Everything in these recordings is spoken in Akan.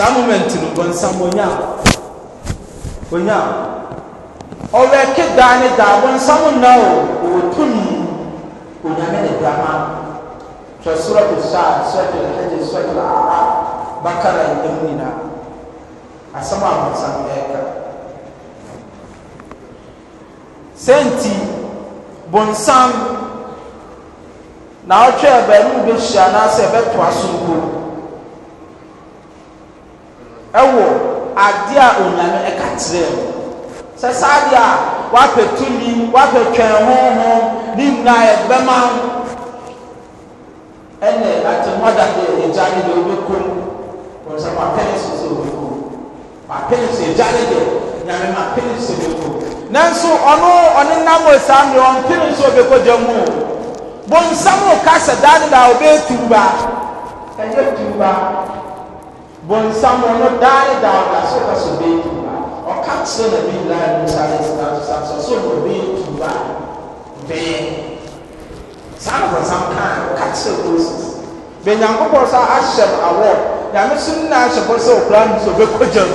saa moment no bɔnsam wɔnya wɔnya ɔwɛ ke daa ne daa bɔnsam nna o wɔwɔ onyame ne dama hwɛ soro to saa soro to hɛgye soro to ara bakara ɛdɛm nyinaa asɛm a bɔnsam ɛɛka sɛnti bɔnsam na ɔtwɛ baabi mu bɛhyia anaasɛ ɛbɛtoa so nkuro. adeɛ a onyame ɛka kyerɛɛ no sɛ saa adeɛ a woapɛ tumi woapɛ twɛn honhom ne nyinaa yɛbɛma wo ɛnɛ atemmɔda deɛ ɛgya ne deɛ wobɛkom wɔn sɛ mapɛne so sɛ wobɛkom mapɛne so ɛgya ne deɛ nyame mapɛne so wobɛkom nanso ɔno ɔne nam wɔ saa mmerɛ ɔmpene so wobɛkɔgya mu o bonsam wo ka sɛ daa ne daa wobɛyɛ turuba ɛnyɛ bonsam no daa ne daa ɔda so ka so bɛyɛ tuba ɔka kyerɛ na bi nyinaa ne nsa ne nsa ne nsa so so na bɛyɛ tuba bɛyɛ saa na bonsam kaa ɔka kyerɛ moses bɛnyankopɔn sa ahyɛ no awɔ nyame so na ahyɛ bɔ sɛ ɔkura no so ɔbɛkɔ gyam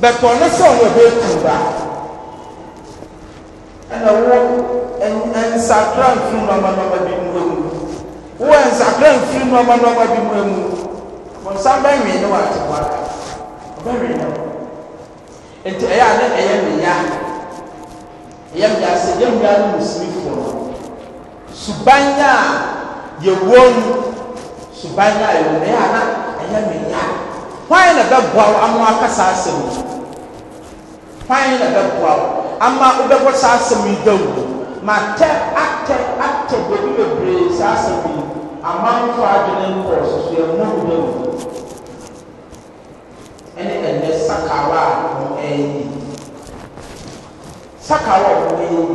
bɛtɔ ne sɛ ɔno ɔbɛyɛ tuba ɛna wo nsakra mfiri nɔɔma nɔɔma bi mu emu wo nsakra mfiri nɔɔma nɔɔma bi mu emu nsa bɛnwi ne wate ho aka ɔbɛnwi ne ho nti ɛyɛ ade ɛyɛ mmea ɛyɛ mmea sɛ ɛyɛ mmea no musimifoɔ no suban a yɛwɔ mu suban a yɛwɔ mu ɛyɛ ana ɛyɛ mmea hwan na bɛboa wo ama akasa asɛm yi hwan na bɛboa wo ama wobɛbɔ saa asɛm yi dawuro ma tɛ atɛ akyɛ baabi bebree saa asɛm yi amanfo adwene nkɔ soso ɛmu ne mu ɛne ɛnɛ sakawa a wɔn ɛyɛ sakawa a wɔn ɛyɛ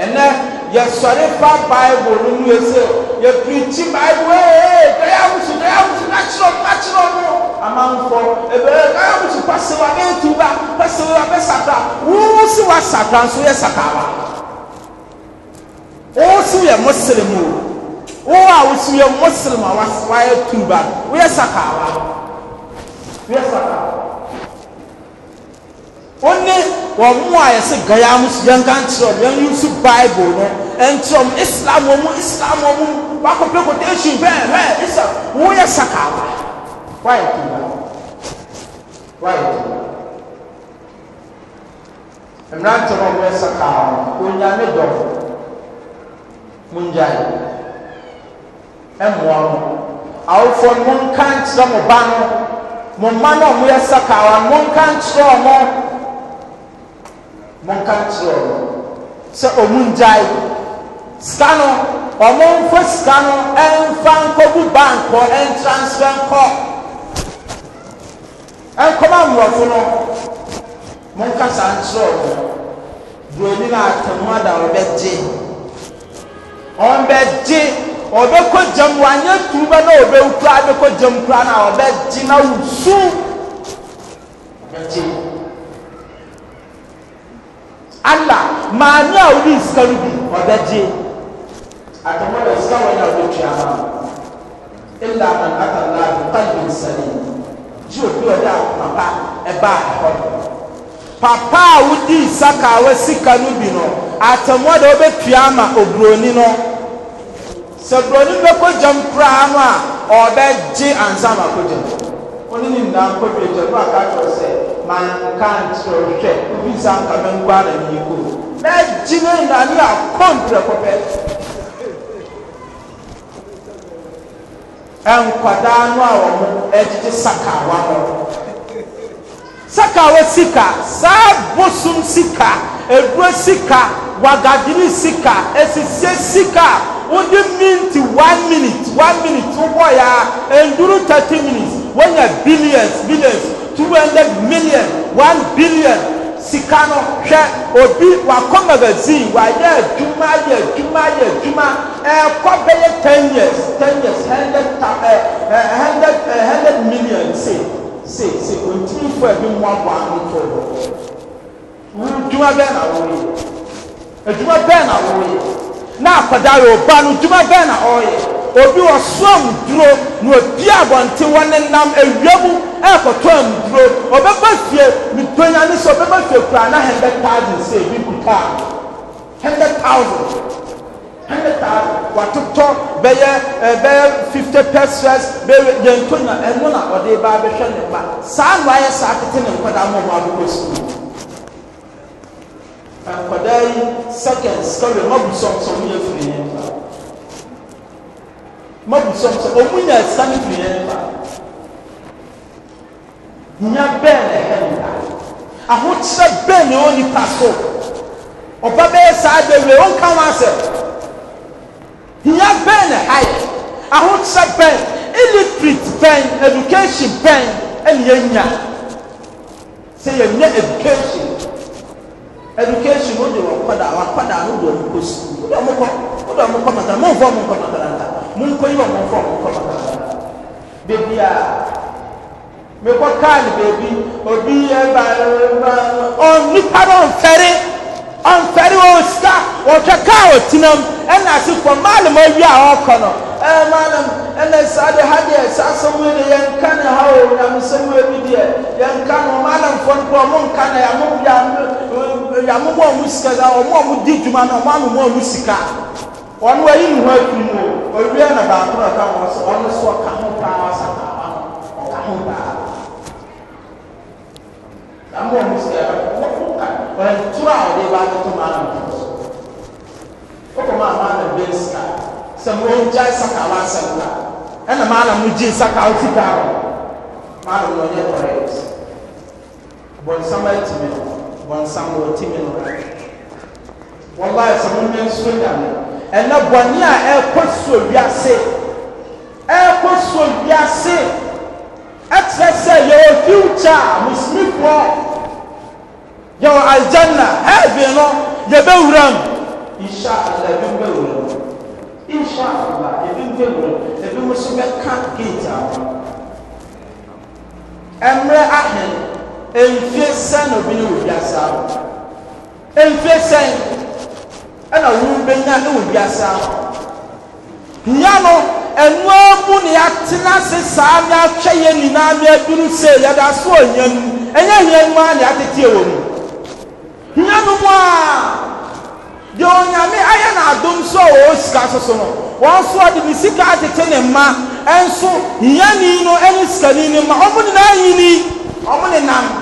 ɛnɛ yɛsɔre fa baibul no mu yɛsɛ yɛpirikyi baibul ee dɔyɛ ahusu dɔyɛ ahusu n'akyerɛ n'akyerɛ no amanfo ebere dɔyɛ ahusu pasiwa n'etu ba pasiwa bɛ sakra wusi wa sakra nso yɛ sakawa wosu yɛ muslim o wo a wosu yɛ muslim a wayɛ tuba woyɛ sakawa woyɛ sakawa wo ne wɔn mu a yɛsɛ gaya mu so yɛn ka nkyerɛ wɔn yɛn use bible no nkyerɛ wɔn islam wɔn mu islam wɔn mu wakɔ pe quotation bɛɛ bɛɛ islam woyɛ sakawa wayɛ tuba wayɛ tuba mmeranteɛ no wɔyɛ sakawa wɔn nyame dɔm mungyae ɛmoa mo awofo no monka nkyerɛ mo ba no mo mma no a moyɛ sakawa no monka nkyerɛ ɔmo monka nkyerɛ ɔmo sɛ ɔmo ngyae sika no ɔmo mfa sika no ɛmfa nkɔgu bank hɔ ɛntransfer nkɔ ɛnkɔma mmorɔfo no monka saa nkyerɛ ɔmo buroni no atɛmo ada ɔbɛgye ɔbɛgye ɔbɛkɔ gyam wanyɛ tu bɛ na ɔbɛwu kura abɛkɔ gyam kura na ɔbɛgye na wusu ɔbɛgye ala maame a wodi sika no bi ɔbɛgye atɔmɔ na sika wɔn na ɔbɛtua ma ila an ata na ɔbɛkɔ gye obi ɔde a papa ɛbaa ɛhɔ papa a wodi saka a wɔ sika no bi no. atɔmmɔde wobɛtua ama oburoni no sɛ buroni no bɛkɔgyam koraa no a ɔbɛgye ansa ma kɔgyam wone ne nnaa nkɔdwe gyam no aka kyerɛ sɛ manka nkyerɛ hwɛ obi nsa nka mɛnkɔ ana meyi kɔ na gyi ne nnaa ne nkwadaa no a wɔn agyegye sakawa no sakawa sika saa bosom sika eduro sika wagadini sika esise sika wode mint one minute one minute wobɔ ya enduro thirty minutes wonya billions billions two hundred million one billion sika no hwɛ obi wakɔ magazine wayɛ adwuma ayɛ adwuma ayɛ adwuma ɛkɔ eh, bɛyɛ ten years ten years hundred ta ɛ eh, ɛ eh, hundred ɛ hundred million se se se ontumi fo ɛbi mu aboa ano fo wɔn dwuma bɛyɛ na wɔn yɛ adwuma bɛn na wɔreyɛ na akwadaa yɛ ɔba no adwuma bɛn na ɔreyɛ obi wɔ soam duro na obi abɔnte wɔ ne nam awia mu ɛrekɔtɔ am ɔbɛba fie metonya ne sɛ ɔbɛba fie kura na hundred thousand sɛ ebi kuta hundred thousand hundred thousand watotɔ bɛyɛ ɛbɛyɛ fifty pesos bɛyɛ yɛn ɛno na ɔde ba abɛhwɛ ne ba saa no ayɛ saa tete ne nkwadaa mo ho adokɔ sukuu akwadaa yi seconds kawai mabu sɔmsɔm yɛ firi yɛn fa mabu sɔmsɔm ɔmu yɛ san firi yɛn fa nya bɛn na ɛhɛ nda ahokyerɛ bɛn na ɛwɔ nipa so ɔba bɛyɛ saa bebree ɔnka ho asɛ nya bɛn na ɛha yɛ ahokyerɛ bɛn illiterate bɛn education bɛn ɛna yɛnya sɛ yɛnya education education wo de wɔn kɔda wɔn akɔda ano de wɔn kɔ si wo de wɔn kɔ wo de wɔn kɔ maka mo nfɔ mo nkɔ makaranta mo nkɔ yi wɔn nfɔ mo nkɔ makaranta beebi a mekɔ kaa ne beebi obi yɛ ba ba ɔn nipa no ɔnfɛre ɔnfɛre wɔn sika wɔtwɛ kaa ɔtenam ɛna ase fɔ maalam awi a ɔkɔ no ɛɛ maalam ɛna saa de ha deɛ saa asɛm yi de yɛn ka ne ha o nyamesɛm yi bi deɛ yɛn ka no maalamfoɔ no kɔ ɔmo nka na yɛ amobi a nyame mu a ɔmo sika da ɔmo a ɔmo di dwuma no ɔmo anum a sika ɔno ayi ne ho afiri mu owia na baako na ɔka wɔn so ɔno so ɔka ho paa ɔsa paa ɔka ho paa nyame a ɔmo sika da ɔmo ka ɔntura a ɔde ba atoto maa na ɔmo so ɔkɔ maa maa na ɔbɛn sika sɛ mo ngya saka wa asɛm na ɛna maa na mo gye saka ɔfi daa maa na ɔmo yɛ kɔrɛt bɔnsam ɛtumi no wɔn nsa wɔn ti mi no wɔlaayi sɛ wɔn nyɛ nso nyame ɛnna bɔnne a ɛrekɔ so wiase ɛrekɔ so wiase ɛkyerɛ sɛ yɛwɔ future muslimfoɔ yɛwɔ aljanna ɛɛbi no yɛbɛwura mu insha allah ebi bɛwura mu insha allah ebi bɛwura mu ebi nso bɛka gate aho ɛmrɛ ahɛn. mfe sɛn na obi ne wɔ wiase aho mfe sɛn ɛna wɔrebɛnya wɔ wiase aho hia no ɛnoa mu ne atena ase saa ne atwa yɛn nyinaa ne aduru se yɛde aso ɔnya mu ɛnyɛ hia no a ne atete wɔ mu nya no mu a deɛ onyame ayɛ no adom so a wɔwɔ sika soso no wɔn nso ɔde ne sika atete ne mma ɛnso hiani no ɛne sikani ne mma wɔn nyinaa yini wɔn nenam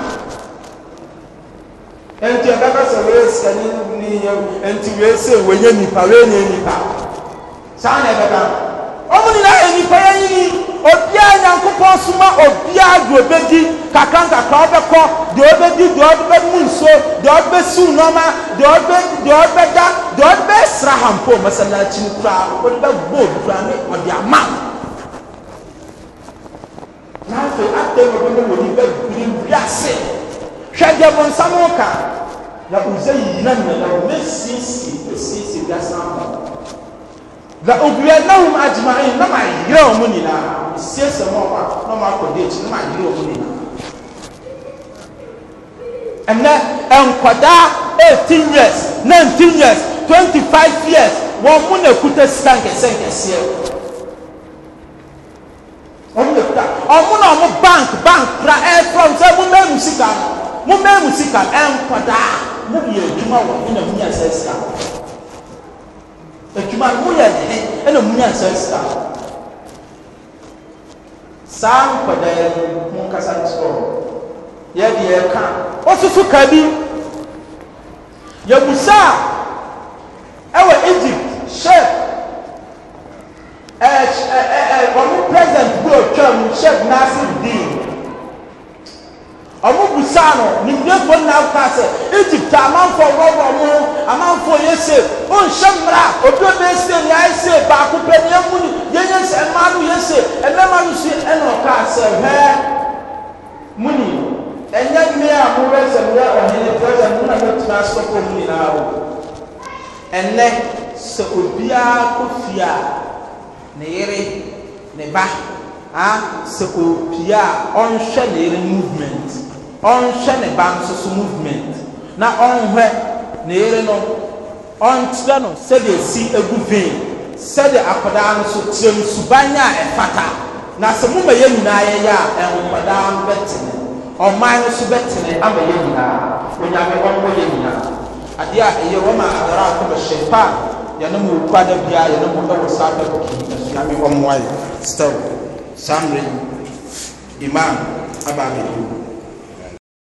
ɛnti ɛbɛka sɛ wei sikani ni yɛ ɛnti wei se wei yɛ nipa wei yɛ nipa saa na ɛbɛka wɔn nyinaa Obi a yɛ yini obiara nyankopɔn soma obiara deɛ obɛdi kakra nkakra ɔbɛkɔ deɛ ɔbɛdi deɛ ɔbɛmu nsuo deɛ ɔbɛsiw nneɛma deɛ ɔbɛ deɛ ɔbɛda deɛ ɔbɛsra ha mpo masalakyi no kura ɔde bɛbɔ obi kura ne ɔde ama n'afɛ atɛ wɔn bɛ wɔ ni bɛ biri wiase hwɛ deɛ bɔnsam ka na ɔdze yi na nyina mesiesie esiesie wiase ama na owia na wɔn agyemae na ma yira wɔn nyinaa esiesie wɔn a na wɔn akɔ deekyi na ma yira wɔn nyinaa ɛnɛ nkwadaa eighteen years nineteen years twenty five years wɔn mu na ekuta sika nkɛse nkɛseɛ wɔn mu na ekuta wɔn mu na wɔn bank bank kura ɛɛfrɔm sɛ ɛmu na emu sika no mommaa mu sika ɛnkɔdaa moyɛ adwuma wɔ he na munya sɛ sika adwuma no moyɛ he ɛna munya sɛ sika saa nkɔdaa yi monkasa nsorɔ yɛde yɛka ɔsoso ka bi yɛbusa a ɛwɔ egypt hyɛ ɛɛ ɛɛ ɔmo president bi a otwa mu hyɛ naasir dii baa no nimdefoɔ nyinaa ka sɛ egypt amanfoɔ wɔwɔ mo amanfoɔ yɛ se ɔnhyɛ mmara obi a bɛyɛ se ne ayɛ se baako pɛ ne ɛmu ni yɛyɛ sɛ mmaa no yɛ se mmarima no ɛna ɔka hɛ mu ni ɛnyɛ mmea a mowɛ sɛ mowɛ ɔhene fɛsɛ mo na mɛtena asɔkɔ mu nyinaa o ɛnɛ sɛ obiara kɔ fie ne yere ne ba a sɛ obiara ɔnhwɛ ne yere movement ɔnhwɛ ne ba nso so movement na ɔnhwɛ ne yere no ɔnkyerɛ no sɛdeɛ si egu vee sɛdeɛ akwadaa nso so kyerɛ mu suban a ɛfata na sɛ mo ma yɛ nyinaa yɛyɛ a nkwadaa no bɛtene ɔman no so bɛtene ama yɛ nyinaa onyame ɔmo yɛ nyinaa adeɛ a ɛyɛ wɔn ma adara akɔ bɛhyɛ paa yɛne mo kɔ ada bia yɛne mo ɛwɔ saa bɛkɔ kii ɛsuame ɔmo ayɛ still samre imam abaabedu.